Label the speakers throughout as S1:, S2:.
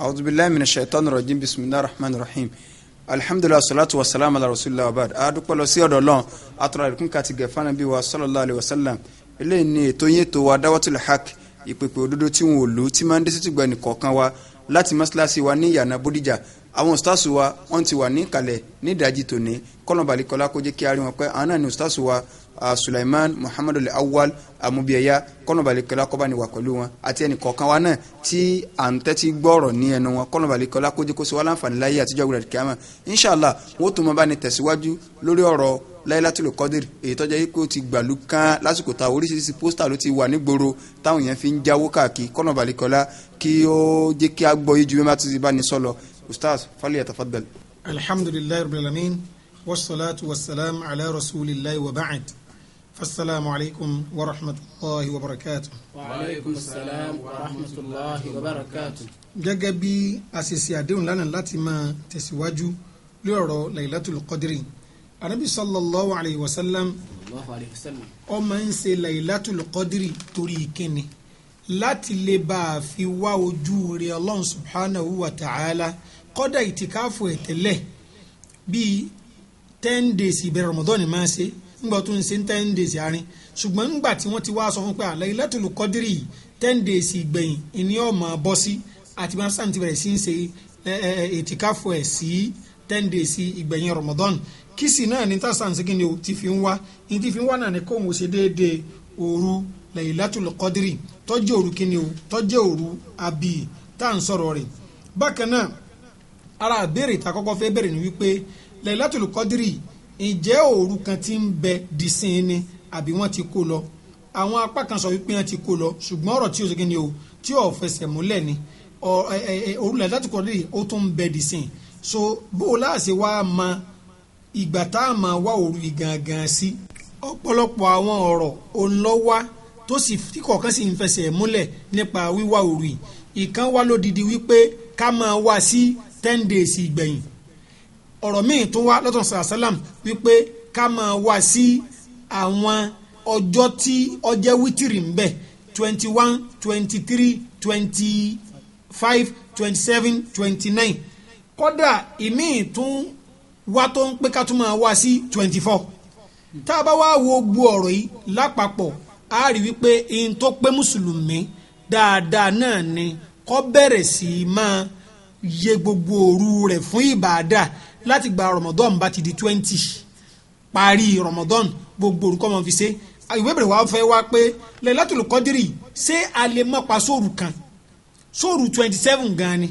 S1: أعوذ بالله من الشيطان الرجيم بسم الله الرحمن الرحيم alhamdulilayi salatu wa salam ala rasulillah abad adúpẹ́ lọ sí ọ̀dọ̀ Ọlọ́run atọrọ àdìkún kàti gẹfà nàbí wa sallallahu alayhi wa sallam eléyìí ni ètò yín ètò wa dáwọ́tul haq ìpèpè òdodo tí wọn ò lò tí máa ń dé sítìgbà nìkọ̀ọ̀kan wa láti mọ́ṣáláṣí wa ní ìyànà bódìjà àwọn ustaasu wa wọ́n ti wà ní ìkàlẹ̀ ní ìdajì tòní kọ́nà balikọ́lá kó jẹ́ kí a rí wọn pẹ́ àwọn náà ni ustaasu wa suleiman muhammadu awal amubiyeya kọ́nọ̀balẹ̀kọ́lá kọ́ba ni wà pẹ̀lú wọn àti ẹnì wa náà tí à ń tẹ́tí gbọ́rọ̀ ní ẹnu wọn kọ́nọ̀balẹ̀kọ́lá kó jẹ́ kó ṣe wá láǹfààní láyé àtijọ́ ìwúrẹ̀ kíámà inshàlá wọ́n tún mọ́ bá ní tẹ̀síwájú èyí tọ́jà yìí pé ti gbàlú kán lásìkò ta oríṣiríṣi pósítà ló ti wà nígboro táwọn èèyàn fi ń jáwó káàkiri kọ́nọ̀balẹ̀kọ́lá kí ó jẹ́ kí a gbọ́ yíjú bí ti bá ní sọ́lọ ustaz fali yatafaddal.
S2: alhamdulilayi rabbil alamin wasalaatu wasalaam ala rasulilayi wa ba'd. فالسلام عليكم ورحمة الله وبركاته
S1: وعليكم السلام ورحمة الله وبركاته
S2: gẹ́gẹ́ bí àṣìṣe àdéhùn lánàá láti máa tẹ̀síwájú lórí ọ̀rọ̀ lailatul qadri anabi sallallahu alayhi wa sallam ó máa ń ṣe lailatul qadri torí ìkíni láti lè bá a fi wá ojú rẹ ọlọ́run subhanahu wa ta'ala kọ́dà ìtìkáfù ẹ̀tẹ́lẹ̀ bíi ten days ìbẹ̀rẹ̀ ramadan máa ṣe ńgbà tó ń ṣe ten days àárín ṣùgbọ́n ńgbà tí wọ́n ti wá sọ fún pé àlẹ́ ìlẹ́tùlù kọ́dírì ten days ìgbẹ̀yìn ìní ọ̀mọ̀ bọ́ sí àti bí wọ́n ti bẹ̀rẹ̀ sí ń ṣe ètìkáfù ẹ̀ sí ten days ìgbẹ̀yìn Ramadan kìsì náà ní tásán ṣe kíni o ti fi ń wá ní ti fi ń wá náà ní kóhùn ṣe déédéé òru Laylatul Qadri tó jẹ́ òru kíni o tó òru àbí tá à ń sọ̀rọ̀ rẹ̀ bákan náà ara àbẹ̀rẹ̀ tá a kọ́kọ́ fẹ́ bẹ̀rẹ̀ ni wípé Laylatul Qadri ǹjẹ́ òru kan ti ń bẹ disin ni àbí wọ́n ti kó lọ àwọn apá kan sọ wípé wọ́n ti kó lọ ṣùgbọ́n ọ̀rọ̀ tí o ṣe kí ni o tí o fẹsẹ̀ múlẹ̀ ni òru làdájú kan lè ó tún ń bẹ disin so bó o láàṣẹ wá mọ ìgbà tá a máa wá òru yìí gangan sí ọ̀pọ̀lọpọ̀ àwọn ọ̀rọ̀ olówá tó sì tí kọ̀ọ̀kan sì ń fẹsẹ̀ múlẹ̀ nípa wíwá òru yìí ìkan wá lódìdí wípé ká máa wá sí ten days ìgbẹ̀yìn ọ̀rọ̀ míì tó wá lọ́tọ̀ sàlám wípé ká máa wá sí àwọn ọjọ́ tí ọjẹ́ wítìrì ń bẹ twenty one twenty three twenty five twenty seven twenty nine kódà ìmíì tún wá tó ń pé ká tún máa wá sí twenty four tá a bá wá wo gbogbo ọ̀rọ̀ yìí lápapọ̀ a rí wípé ihun tó pé mùsùlùmí dáadáa náà ni kó bẹ̀rẹ̀ sí máa yẹ gbogbo òru rẹ̀ fún ìbádà láti gba Ramadan bá ti di twenty parí Ramadan gbogbo orúkọ máa fi ṣe ìwé bẹ̀rẹ̀ wàá fẹ́ wá pé Lailatul Qadri ṣé a lè má pa sóòrù kan sóòrù twenty seven gan ni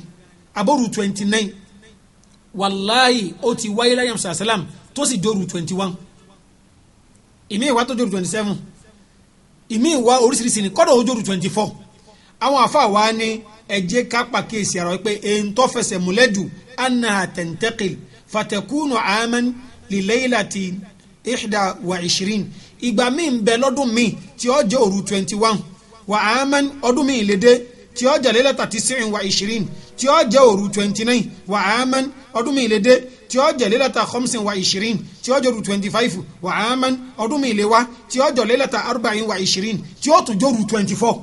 S2: àbóòrù twenty nine wàláyé ó ti wáyé láyé musa salam tó sì dóòrù twenty one ìmí ìwà tó dóòrù twenty seven ìmí ìwà oríṣiríṣi ni kọ́dọ̀ ó dóòrù twenty four àwọn afa wa ni ẹ jẹ́ ká pàkíyèsí ara wípé èyí tó fẹsẹ̀ múlẹ̀ anna tẹ̀ntẹ́kìlì fatakunu aman lilailati ihda wa ishirin ìgbà míì ń bẹ lọ́dún míì tí ó jẹ́ òru twenty one wa aman ọdún míì lédè tí ó jẹ́ lẹ́lẹ́ta tisirin wa ishirin tí ó jẹ́ òru twenty nine wa aman ọdún míì lédè tí ó jẹ́ lẹ́lẹ́ta khamsin wa ishirin tí ó jẹ́ òru twenty five wa aman ọdún míì léwá tí ó jẹ́ lẹ́lẹ́ta arba'in wa ishirin tí ó tún jẹ́ òru twenty four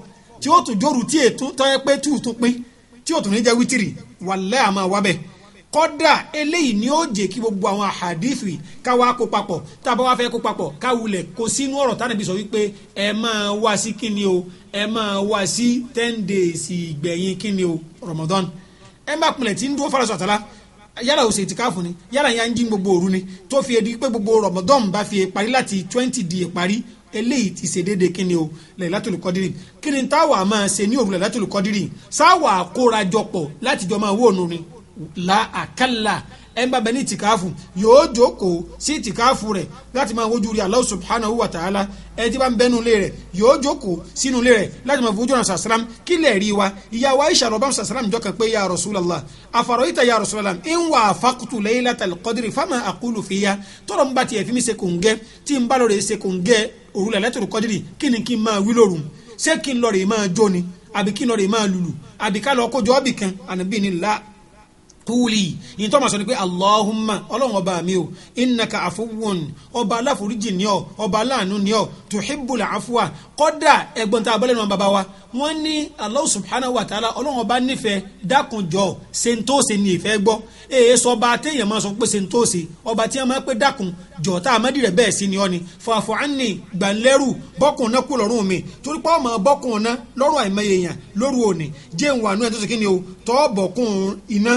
S2: tí ó tún jẹ́ òru tí ètò tọ́ pé tí ò tún pín tí ò tún ní jẹ́ wítìrì wàlẹ́ àmọ́ wábẹ́ kọ́dà eléyìí ni ó jẹ́ kí gbogbo àwọn àhàdìsì káwa kó papọ̀ tá a bá wá fẹ́ kó papọ̀ káwulẹ̀ kó sínú ọ̀rọ̀ tánàbí sọ wípé ẹ máa wá sí kíni o ẹ máa wá sí ten days ìgbẹ̀yìn kíni o Ramadan ẹ má pinlẹ̀ tí ń dúró fara sọ̀tàlá yálà ó ṣe ìtìkáfù ni yálà yà ń jí gbogbo òru ni tó fi edi pé gbogbo Ramadan bá fi parí láti twenty di ìparí eléyìí ti ṣe déédéé kí ni o Lailatul Qadri kí ni táwa máa ṣe ní òru Lailatul Qadri sáwà kórajọpọ̀ láti jọ máa wò nù ni la akala, ẹn bá bẹ ní tìkáàfù yóò jókòó sí tìkáàfù rẹ̀ láti máa wojú rí Allah subhanahu wa ta'ala ẹni tí bá ń bẹnu ilé rẹ̀ yóò jókòó sínú ilé rẹ̀ láti máa fojú ránṣà sàlám wa ìyá Aisha rọ̀bá ránṣà sàlám jọ kan ya Rasulallah àfàrọ̀ ìta ya Rasulallah ń wà fàkùtù laylatal qadri fama akulu fiya tọrọ ń bá tiẹ̀ fi mi ṣe kò ń gẹ́ tí ń bá lọ́ọ́ rẹ̀ ṣe kò ń gẹ́ òrùlẹ̀ lẹ́tọ̀rọ̀ kọ́dírì kí ni kí n máa wí lóru ṣé kí n lọ́ọ́ rẹ̀ máa jóni àbí kí n lọ́ọ́ rẹ̀ máa lùlù àbí ká lọ́ọ́ kójọ́ ni la tuuli yìí tó ma sọ ni pé Allahumma ọlọ́run ọba mi o innaka afuwun ọba aláforíjì ni ọ ọba aláàánú ni ọ tuhibbul afuwa kọ́dà ẹ̀gbọ́n tá a bọ́lẹ̀ nù bàbá wa wọ́n ní Allah subhanahu wa ta'ala ọlọ́run ọba nífẹ̀ẹ́ dákunjọ sentóse ni ìfẹ́ gbọ́ èyí sọ ọba àtẹ̀yẹ̀ máa sọ pé sentóse ọba tí wọ́n máa pé dákun jọ tá a mẹ́dìrẹ̀ bẹ́ẹ̀ sí ni ọ ni fàfọ́ àní gbàǹlẹ́rù bọ́kùn náà kú lọ́rùn mi torí pé ọmọ bọ́kùn náà lọ́rùn àìmọye èèyàn lóru òní jẹ́ ìwà àánú ẹ̀ tó ṣe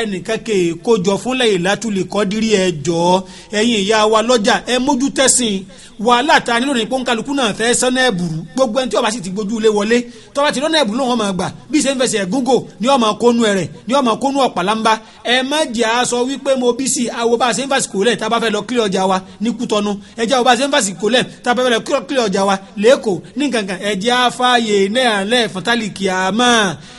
S2: ẹnìkan kè é kójọ fún Laylatul Qadri ẹ jọ̀ọ́ ẹ̀yin ìyá wa lọ́jà ẹ mójú tẹ̀sìn wàhálà ta nílò ní pọ́nkálukú náà fẹ́ sánà ẹ̀bùrú gbogbo ẹni tí ọba sì ti gbójú ilé wọlé tọ́ba ti lọ́nà ẹ̀bùrú náà wọ́n máa gbà bí ṣe ń fẹsẹ̀ gúngò ní ọmọ kónú ẹ̀rẹ̀ ní ọmọ kónú ọ̀pàlàmbá ẹ má jẹ́ a sọ wípé mo bí sí awo bá a ṣe ń fàsìkò lẹ̀ tá a bá fẹ́ lọ kílẹ̀ ọjà wa ní kútọ́nu ẹ jẹ́ awo bá a ṣe ń fàsìkò lẹ̀ tá a bá fẹ́ lọ kílẹ̀ ọjà wa lẹ́kọ̀ọ́ ní kankan ẹ jẹ́ afáàyè náà lẹ́ẹ̀fọ́tálì kìámà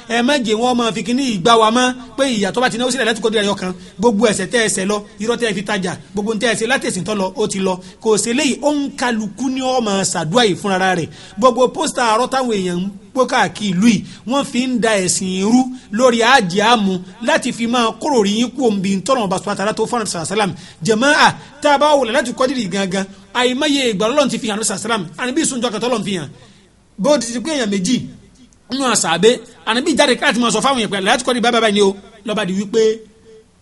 S2: ẹ má jẹ wọn máa fi kíní ìgbà wa mọ́ pé ìyà tó bá ti náwó sílẹ̀ láti kó dé ẹ̀yọkan gbogbo ẹ̀ṣẹ̀ tẹ́ ẹ̀ṣẹ̀ lọ irọ́ tẹ́ ẹ fi tajà gbogbo tẹ́ ẹ̀ṣẹ̀ látẹ̀sìn tọ́ lọ ó ti lọ kò sí léyìí ó ń kálukú ní ó máa ṣàdúrà yìí fúnra rẹ̀ gbogbo pósítà àárọ̀ táwọn èèyàn ń pọ́ káàkiri ìlú yìí wọ́n fi ń da ẹ̀sìn irú lórí àjẹ́ àmú láti fi máa kúrò rí yín kú omi tọ́nà ọba sọ́wọ́n àtàlá tó fọ́nà sàlám jẹ̀mọ́ à tá a bá wọlé láti kọ́ dìrì gangan àìmọye ìgbàlọ́lọ́n ti fi hàn sàlám àníbí ìsúnjọ́ kẹtọ́ lọ́n fi hàn bó ti ti pé èèyàn méjì nínú àṣàbẹ ànábì jáde káàtì máa sọ fáwọn yẹn pẹ̀lú láti kọ́ di bábà báyìí ni o lọ́ba di wípé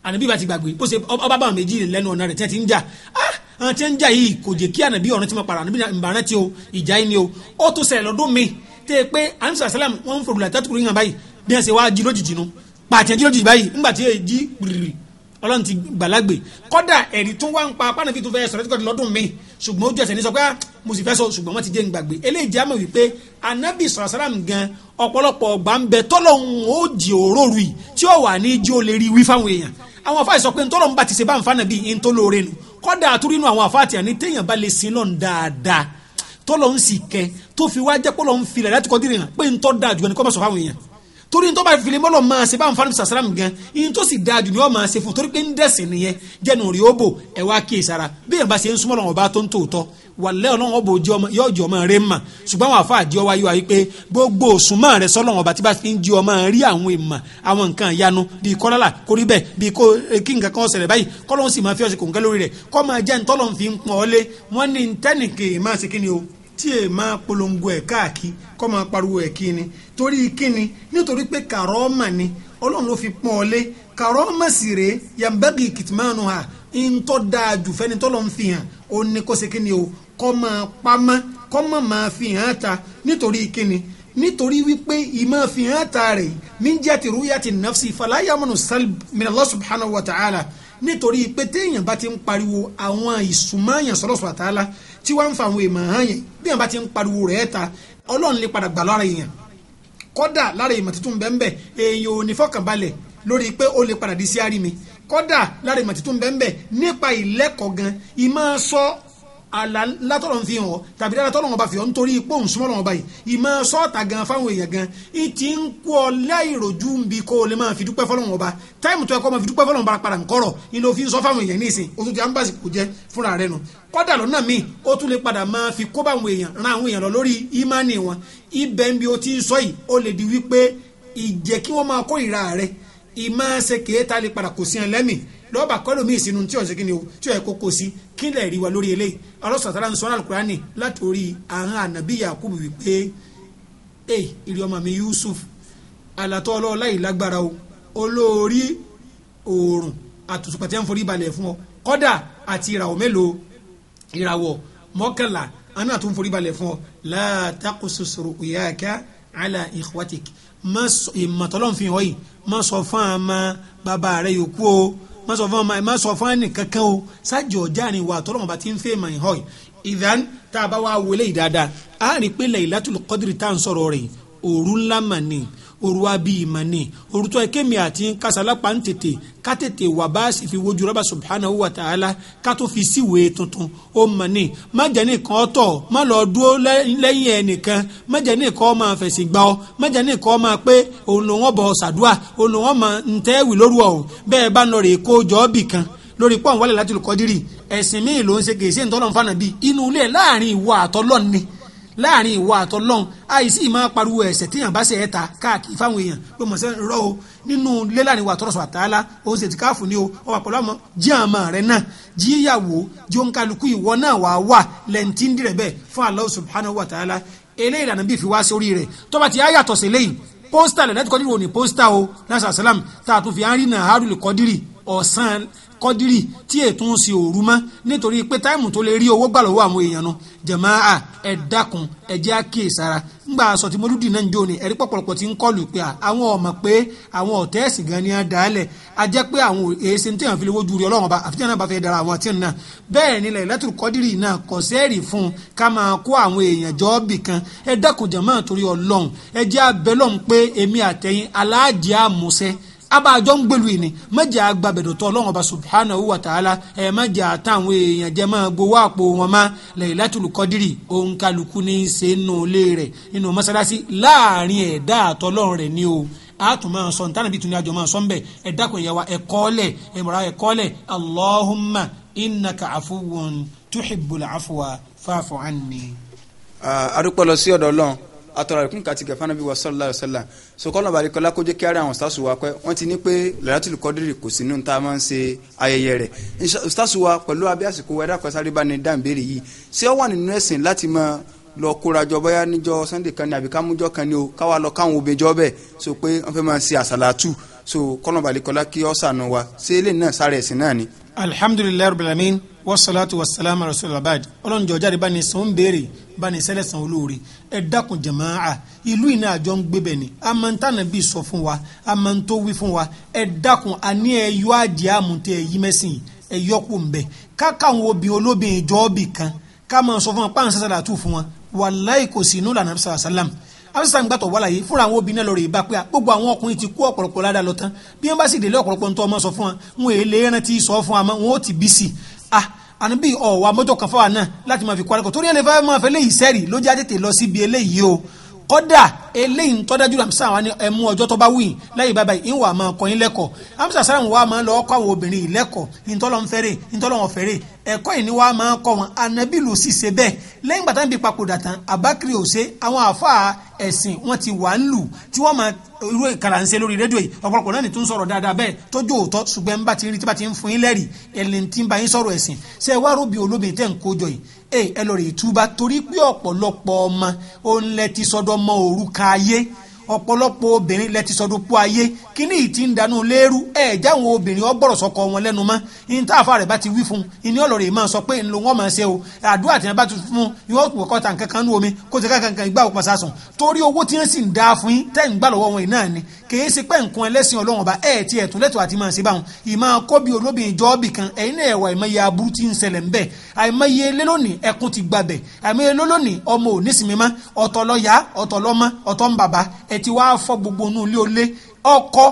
S2: ànábì bá ti gbàgbé bó ṣe ọba bá wọn méjì lẹ́nu ọ̀nà rẹ̀ tí wọ́n ti ń jà ah! àwọn tí wọ́n ń jà yìí kò jẹ́ kí ànábì ọ̀run ti máa para ànábì ìbàrán ti o ìjà yìí ni o ó tún ṣẹlẹ̀ lọ́dún mi tẹ́ ẹ pé ànábì sàlám wọ́n ń fòrò làtàtúkùrú yàn báyìí bí wọ́n ṣe wá jí lójijì nu pàtẹ́ jí lójijì báyìí ńgbà tí èyí jí gbìrì ọlọ́run ti gbàlágbè kọ́dà ẹ̀rí tún wá ń pa apá nàbí tún fẹ́ sọ̀rọ̀ tíkọ̀tì lọ́dún mi ṣùgbọ́n ojú ẹsẹ̀ ní sọ pé ah, mo sì fẹ́ sọ ṣùgbọ́n wọ́n ti jẹ́ ìgbàgbé eléyìí jẹ́ àmọ̀ wípé anabi sọ̀rọ̀ sálàm gan ọ̀pọ̀lọpọ̀ ọgbà ń bẹ tọ́lọ́hún ó jì òróòrù yìí tí ó wà ní ijó lè rí wí fáwọn èèyàn àwọn afáà sọ pé ntọ́lọ́ ń bá ti ṣe bá ń fa nàbí yìí ntọ́ lóore nù kọ́dà àtúrínú àwọn afáà tì àní téèyàn bá lè sin náà dáadáa tọ́lọ́ ń sì kẹ́ tó fi wá jẹ́ pọ́lọ́ ń filẹ̀ láti kọ́ dìrìnà pé ntọ́ dáa jù torí nítorí bá fi lè bọ́lọ̀ máa ṣe bá nfa nípa sàsàràm gan ìyẹn tó sì dáa jù ni wọ́n máa ṣe fún torí pé ń dẹ̀sìn nìyẹn jẹ́nu rí ó bò ẹ̀ wá kí ìsara bí yẹn bá ṣe ń súnmọ́ lọ́wọ́ bá tó ń tòótọ́ wàlẹ́ ọlọ́wọ́ bò yọ jọ ọmọ rẹ mà ṣùgbọ́n àwọn àfa àdìọ́ wáyé wa yìí pé gbogbo òsùnmọ́ rẹ sọ́lọ́wọ́ bá ti bá fi ń di ọmọ rí àwọn ìmọ̀ àwọn nǹkan ìyanu bíi kọ́lọ́là kó rí bẹ́ẹ̀ bíi kó kí nǹkan kan ṣẹlẹ̀ báyìí kọ́lọ́hún sì máa fi ọ̀sẹ̀ kòǹkẹ́ lórí rẹ̀ kọ́ máa jẹ́ ntọ́lọ́hún fi ń pọ́n ọ lé wọ́n ní ntẹ́nìkè máa ṣe kí ni o tí ẹ máa polongo ẹ̀ káàkiri kọ́ máa pariwo ẹ̀ kí ni torí kí ni nítorí pé kàrọ́ọ̀mà ni ọlọ́run ló fi pọ́n ọ lé kàrọ́ọ̀mà sì rèé yambagi kìtìmánu ha ntọ́ dáa jù fẹ́ni tọ́lọ́ ń fi hàn ó ní kó ṣe kí ni o kọ́ máa pamọ́ kọ́ máa máa fi ta nítorí kí ni nítorí wípé ìmọ̀ fi hàn ta rẹ̀ min jẹ́ tìrúyà ti falayamunu salb min Allah subhanahu wa ta'ala nítorí pé téèyàn bá ti ń pariwo àwọn ìsúnmọ́yàn sọ́lọ́sọ̀ àtàlá tí wọ́n ń fa àwọn èèmọ̀ hàn yẹn bí wọ́n bá ti ń pariwo rẹ̀ ta ọlọ́run lè padà gbà lára èèyàn kọ́dà lára èèmọ̀ tuntun bẹ́ẹ̀ èèyàn ò ní fọkànbalẹ̀ lórí pé ó lè padà di sí àrí mi kọ́dà lára èèmọ̀ tuntun bẹ́ẹ̀ nípa ìlẹ́kọ̀ọ́ gan ìmọ̀ sọ àlà látọ̀rọ̀ ń fi hàn ọ́ tàbí dára tọ́lọ́wọ́n bá fi hàn nítorí ipò ń súnmọ́ lọ́wọ́ báyìí ìmọ̀ sọ́ọ̀tà gan fáwọn èèyàn gan ìtì ń kú ọ láìròjú ń bi kó o lè máa fi dúpẹ́ fọ́lọ́wọ́n ọba táìmù tó ẹ̀kọ́ máa fi dúpẹ́ fọ́lọ́wọ́n bá padà ńkọ́rọ̀ ni ló fi ń sọ fáwọn èèyàn ní oṣù tí a ń bàṣì kò jẹ́ fúnra rẹ̀ nù kọ́dà lọ́nà míì ó tún lè padà máa fi kó báwọn èèyàn ran àwọn èèyàn lọ lórí ìmánì wọn ibẹ̀ ń bi o ti ń sọ yìí ó lè di wípé ìjẹ́ kí wọ́n máa kó ìmọ̀ ṣe kéétà lè padà kò sí ẹ lẹ́mìí lọ́ọ̀bà kọ́ lómi ìsinú tí ọ̀sẹ̀ kìíní o tí ọ̀ẹ́ kókó sí kí lè rí wa lórí eléyìí ọlọ́sàtàlá ń sọ alukurani látòrí àwọn ànàbí yakubu wípé ẹ ìrì ọmọ mi yusuf àlàtọ́ ọlọ́ọ̀lá yìí lágbára o olórí oòrùn àtùtùpàtẹ́ ń forí balẹ̀ fún ọ kọ́dà àti ìràwọ̀ mélòó ìràwọ̀ mọ́kànlá àná àtún forí balẹ̀ fún ọ látàkùsùsùrù ìyá ẹ̀kẹ́ ala ikhwatik má sọ ìmọ̀tọ́lọ́ fi hàn yìí má sọ fún àmà bàbá rẹ yòókù o má sọ fún àmà má sọ fún àní kankan o sájò jáàrin wa tọ́lọ́mọ̀ bá ti ń fẹ́ mọ̀ hàn yìí ìdán tá a bá wá wọlé yìí dáadáa a rí pé Laylatul Qadri tá à ń sọ̀rọ̀ rẹ̀ òru ńlá mà ni òru wa bí ìmọ̀ ni òru tó ẹ̀kẹ́mi àti kásálápá ń tètè ká tètè wà bá sì fi wojú rọ́bà subhanahu wa ta'ala ká tó fi síwè tuntun ó mọ̀ ni má jẹ́ nìkan ọ̀tọ̀ má lọ dúró lẹ́yìn ẹnìkan má jẹ́ nìkan ọmọ àfẹ̀sìn gbà ọ́ má jẹ́ nìkan ọmọ pé òun lòun ọ̀bọ̀ ṣàdúà òun lòun ọmọ ntẹ́wì lóru ọ̀hún bẹ́ẹ̀ bá ń rè kó jọ ọ́ bì kan lórí pọ́ùn wálé láti lùkọ́dírì ẹ̀sìn míì ló ń ṣe kèsì ìtọ́lọ́nfànà bíi inú ilé láàrin ìwọ àtọ́lọ́ni láàrin ìwọ àtọlọ́n àìsí máa pariwo ẹ̀ṣẹ̀ tíyàn bá ṣe ẹ̀ta káàkiri fáwọn èèyàn pé mọ̀sẹ́ rọ o nínú lélàní ìwà àtọ́rọ̀sọ àtàlá òun ṣètì káàfù ni o ọwọ́ àpọ̀lọ́ àmọ́ jí àmọ́ rẹ náà jí ìyàwó jí òun kálukú ìwọ náà wà wà lẹ́ǹtí ń dìrẹ̀ bẹ́ẹ̀ fún Allah subhanahu wa ta'ala eléyìí lànà bí fi wá sórí rẹ̀ tọ́ba ti yàtọ̀ sí lẹ́yìn pósítà lẹ́nẹ́tìkọ́dìrì o lásàsálàm kọ́dírì tí ètò ń ṣe òru mọ́ nítorí pé táìmù tó lè rí owó gbà lọ́wọ́ àwọn èèyàn nu jamaa ẹ dákun ẹ jẹ́ àkíyèsára ńgbà aṣọ tí ni ti ń kọlù pé àwọn ọmọ pé àwọn ọ̀tẹ́ gan ni a dá a pé àwọn èsì tí àwọn fi lówó ju rí àfi dara àwọn àti náà bẹ́ẹ̀ ni náà fún ká máa kó àwọn èèyàn jọ kan ẹ dákun jamaa abájọ ń gbèlú ìní mẹjẹ agbábẹdọtọ Ọlọ́run ọba subhanahu wa ta'ala ẹ mẹjẹ àtàwọn èèyàn jẹ máa gbowó àpò wọn má Laylatul Qadri òǹkàlùkù ní í ṣe nù ilé rẹ̀ nínú mọ́sálásí láàrin ẹ̀dá àtọlọ́run rẹ̀ ni o àtún máa sọ nítorí bí tuni àjọ máa sọ nbẹ ẹ̀dá kan yẹ wa ẹ̀kọ́lẹ̀ ẹ̀mọ̀ra ẹ̀kọ́lẹ̀ Allahumma innaka afuwun tuhibbul afwa fa'fu
S1: anni. a lọ sí ọ̀dọ̀ Ọlọ́run atọ̀rọ̀ ìkún kàti gẹ̀fà nàbí wa sallallahu alaihi wasallam so kọ́nà bàrí kọ́lá kó jẹ́ kí ara àwọn ustaasu wa pẹ́ wọ́n ti ní pé lẹ́yàtìlú kọ́dírì kò sí nínú tá a máa ń ṣe ayẹyẹ rẹ̀ ustaasu wa pẹ̀lú abẹ́ àsìkò ẹ̀dá kan sáré bá ní dá ìbéèrè yìí ṣé ó wà nínú ẹ̀sìn láti máa lọ kórajọ bóyá níjọ́ sunday kan ní àbí kámújọ́ kan ní o káwa lọ káwọn obìnrin jọ bẹ́ẹ̀ so pé wọ́n fẹ́ máa ṣe àṣàlátù so kọ́nà bàrí kí ó ṣàánú wa ṣé eléyìí náà sáré ẹ̀sìn náà ni
S2: alhamdulilayi rabbil alamin wasalaatu wasalaamu ala rasulillah baadi ọlọ́njọ́ jáde bá ní san ń béèrè bá ní sẹ́lẹ̀ san olóore ẹ dákun jamaa ìlú iná àjọ ń gbé bẹ́ẹ̀ ni a máa ń tànà bí sọ fún wa a máa ń tó wí fún wa ẹ dákun àní ẹ yọ àdìẹ àmùtẹ ẹ yí mẹ́sìn ẹ yọ bẹ káka àwọn obìnrin olóbìnrin jọ́ọ́bì kan ká máa sọ fún wọn pàǹsẹ̀ sàlàtù fún wọn wàláì kò sí inú lànà afisa ń gbàtọ̀ wàlàyé fúnra àwọn obìnrin náà lọ rè bá pé gbogbo àwọn ọkùnrin ti kú ọ̀pọ̀lọpọ̀ ládàá lọ tán bí wọ́n bá sì délé ọ̀pọ̀lọpọ̀ ntọ́ ọmọ sọ fún wọn wọn èlé rántí sọ fún wọn wọn ó ti bí sí ah ànúbí ọ̀wà mọ́tò kan fáwọn náà láti máa fi kọ́ àlẹ́kọ̀ọ́ torí ẹ̀ lè fẹ́ máa fẹ́ léyìí sẹ́rì ló jẹ́ àtètè lọ síbi eléyìí o kọ́dà eléyìí tó dájú wa ni ẹ ọjọ́ tó bá wù yín lẹ́yìn bàbá yìí ń wà máa kọ́ yín lẹ́kọ̀ọ́ amsa sáràn wa máa lọ kọ́ àwọn obìnrin yìí lẹ́kọ̀ọ́ ìtọ́lọ́ ń fẹ́rẹ̀ ìtọ́lọ́ wọn fẹ́rẹ̀ ẹ̀kọ́ yìí ni wa máa kọ́ wọn anabi ló sì ṣe bẹ́ẹ̀ lẹ́yìn gbàtà ń bi papòdà tán abakiri ò ṣe àwọn àfa ẹ̀sìn wọn ti wà ń lù tí wọ́n máa irú ìkàrà ń ṣe lórí rédíò yìí ọ̀pọ̀lọpọ̀ náà ni tó ń sọ̀rọ̀ dáadáa bẹ́ẹ̀ tójú òótọ́ ṣùgbọ́n bá ti ń rí tí bá ti ń fún yín lẹ́rìí ẹ̀lẹ́ntì ń bá yín sọ̀rọ̀ ẹ̀sìn ṣe wá rúbi olóbìn tẹ́ ń kó jọ yìí ẹ lọ rè túbà torí pé ọ̀pọ̀lọpọ̀ ọmọ òun lẹ ti sọdọ ọmọ òrùka ayé ọ̀pọ̀lọpọ̀ obìnrin lẹ ti sọdún pọ̀ ayé kíní ìtì ń danú léèrú ẹ̀ jáwọn obìnrin ọgbọ̀rọ̀ sọkọ wọn lẹ́nu mọ́ ní tá àfa rẹ̀ bá ti wí fún un ní ọlọ́rẹ̀ máa sọ pé ńlọ wọn máa ṣe o àdúrà tí wọn bá ti fún un ni wọn kò kọ́ta nǹkan kan nú omi kó ti kankan kan ìgbà òpin sásùn torí owó tí wọn sì ń dá fún yín tẹ́ ń gbà lọ́wọ́ wọn yìí náà ni kìí ṣe pé nǹkan ẹlẹ́sìn ọlọ́run ọba ẹ̀ ti ẹ̀tún lẹ́tọ̀ àti máa ṣe báwọn ìmọ̀ kóbi olóbìnrin jọ́ọ́bì kan ẹ̀yin náà ẹ̀wà ìmọ̀ye aburú ti ń ṣẹlẹ̀ ń bẹ̀ àìmọye lélónìí ẹkún ti gbabẹ̀ àìmọye lólónìí ọmọ ò nísìmí mọ́ ọ̀tọ̀ lọ́ya ọ̀tọ̀ lọ́mọ ọ̀tọ̀ ń bàbá ẹ ti wá fọ́ gbogbo inú ilé olé ọkọ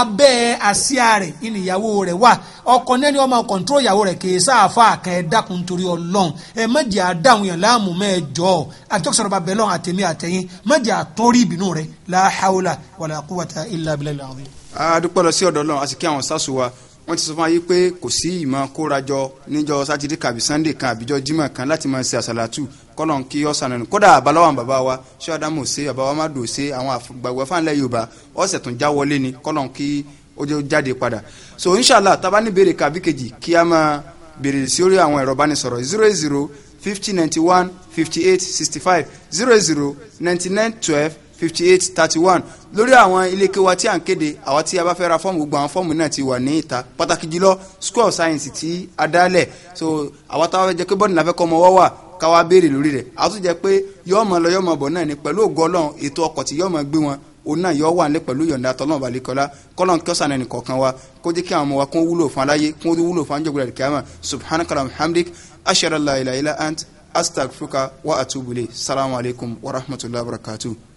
S2: abẹ́ àsíá rẹ̀ ní ìyàwó rẹ̀ wà ọkọ náà ni wọ́n máa kọ̀ǹtró ìyàwó rẹ̀ kìí sáàfà kan ẹ dákun torí ọlọ́run ẹ mọ̀jẹ̀ àdáhùn yẹn láàmú mẹ́ẹ̀jọ àtọ́kùsọ̀rọ̀ bá bẹ̀ àtẹ̀mí àtẹ̀yìn mọ̀jẹ̀ àtórí ìbínú rẹ̀ la hawla wala quwwata illa billahi.
S1: a dúpẹ́ lọ sí ọ̀dọ̀ ọlọ́run a sì kí àwọn sásù wọ́n ti sọ fún wa yìí pé kò sí ìmọ̀ kórajọ níjọ́ sátidé kàbí sannde kan àbíjọ́ jimá kan láti máa ṣe àṣàlàtù kọ́nà kí ọ̀sán nínú kódà àbáláwà bàbá wa ṣé adamu ṣe bàbá wa má dò ṣe àwọn àgbàgbà fáńlẹ̀ yorùbá ọ̀sẹ̀ tó ń já wọlé ni kọ́nà kí ó jáde padà so inshallah tá bá ní béèrè kàbí kejì kí a máa béèrè sí orí àwọn ẹ̀rọ bánisọ̀rọ̀ zero eight zero fifty ninety one fifty eight sixty five zero eight zero ninety nine twelve fifty eight thirty one lórí àwọn ilé kéwà tí à ń kéde àwa tí a bá fẹ́ ra fọ́ọ̀mù gbogbo àwọn fọ́ọ̀mù náà ti wà ní ìta pàtàkì jùlọ school of science ti adálẹ̀ so àwa táwa fẹ́ jẹ́ pé bọ́ọ̀dù náà fẹ́ kọ́ ọmọ wọ́wà káwa béèrè lórí rẹ̀ àwa tún jẹ́ pé yọ́ọ̀mọ̀ lọ yọ́ọ̀mọ̀ bọ̀ náà ni pẹ̀lú ògo Ọlọ́run ètò ọkọ̀ tí yọ́ọ̀mọ̀ gbé wọn òun náà yọ wà ní pẹ̀lú yọ̀ǹda tọ́lọ́mù balẹ̀kọ́lá kọ́lọ́n kọ́sàn ẹnì kọ̀ọ̀kan wa kó jẹ́ kí àwọn ọmọ wa kún wúlò fún aláyé kún wúlò fún anjọ́gbọ̀lá kìámà subhanaka wa hamdik ashara la ilaha illa ant astagfuka wa atubule salamu alaikum wa rahmatullahi wa barakatuh.